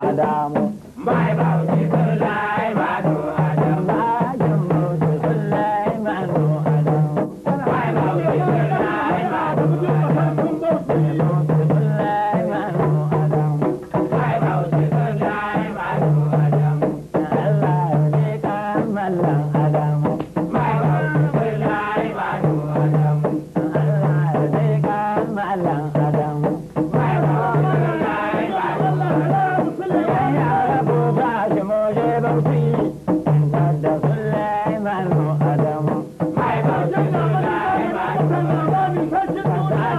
Adamu. Mai bauchi kullai manu Adamu. Majan bauchi kullai manu Adamu. Mai bauchi kullai manu Adamu.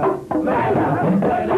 ba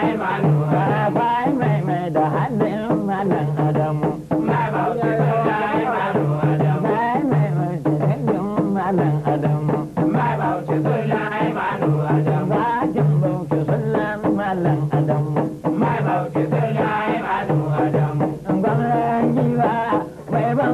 ba mai ban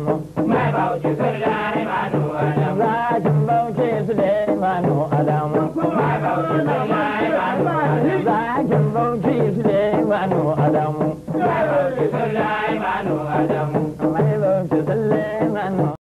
aikin bauchi Suleimanu Adamu. Yaro Suleimanu Adamu.